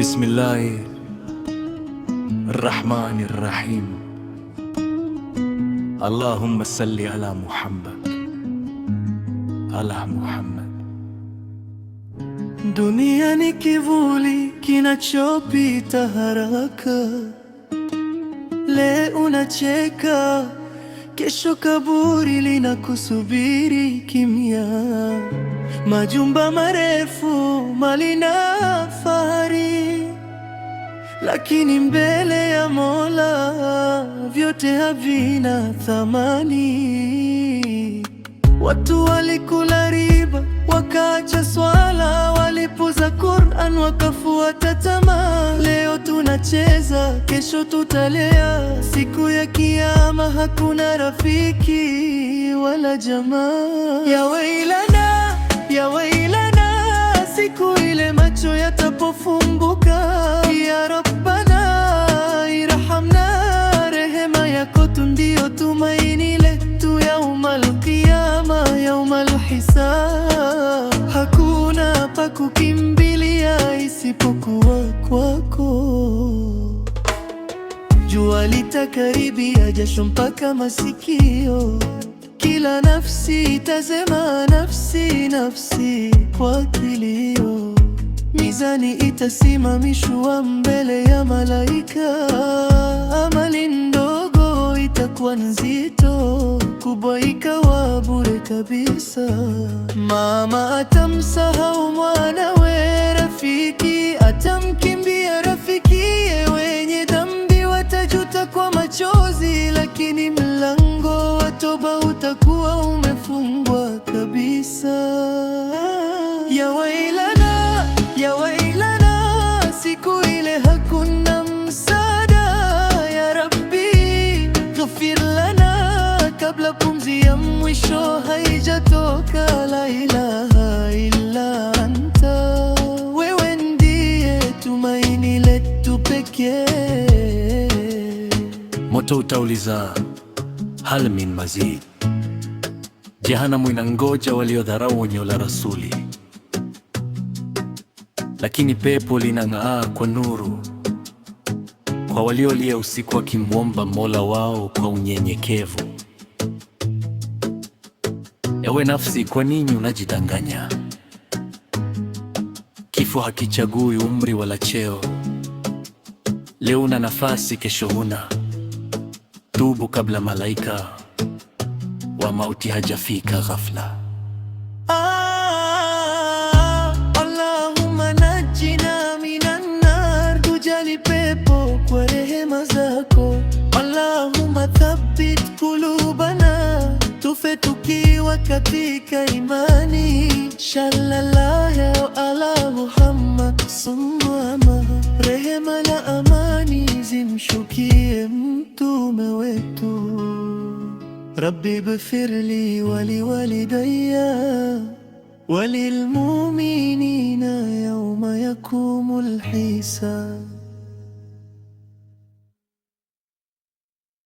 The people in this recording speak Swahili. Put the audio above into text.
بسم الله الرحمن الرحيم اللهم صل على محمد على محمد دنيا نكيفولي كنا تشوبي تهراكا لي انا تشيكا kesho kaburi lina kusubiri kimya majumba marefu malinafa lakini mbele ya Mola vyote havina thamani. Watu walikula riba, wakaacha swala, walipuza Qur'an, wakafuata tamaa. Leo tunacheza, kesho tutalea. Siku ya Kiyama hakuna rafiki wala jamaa. ya weilana, ya weilana. kukimbilia isipokuwa kwako. Jua litakaribia, jasho mpaka masikio. Kila nafsi itasema nafsi, nafsi kwa kilio. Mizani itasimamishwa mbele ya malaika. Amali ndogo itakuwa nzito mikubwa ikawa bure kabisa. Mama atamsahau mwanawe, rafiki atamki moto utauliza hal min mazid. Jehanamu inangoja waliodharau onyo la Rasuli, lakini pepo linang'aa kwa nuru kwa waliolia usiku wakimwomba Mola wao kwa unyenyekevu. Ewe nafsi, kwa nini unajidanganya? Kifo hakichagui umri wala cheo. Leo una nafasi, kesho huna. Tubu kabla malaika wa mauti hajafika ghafla. Ah, Allahumma najina minan nar, tujali pepo kwa rehema zako. Allahumma thabbit kulubana, tufe tukiwa katika imani. Shallallahu ala Muhammad موته ربي اغفر لي ولوالدي وللمؤمنين يوم يقوم الحساب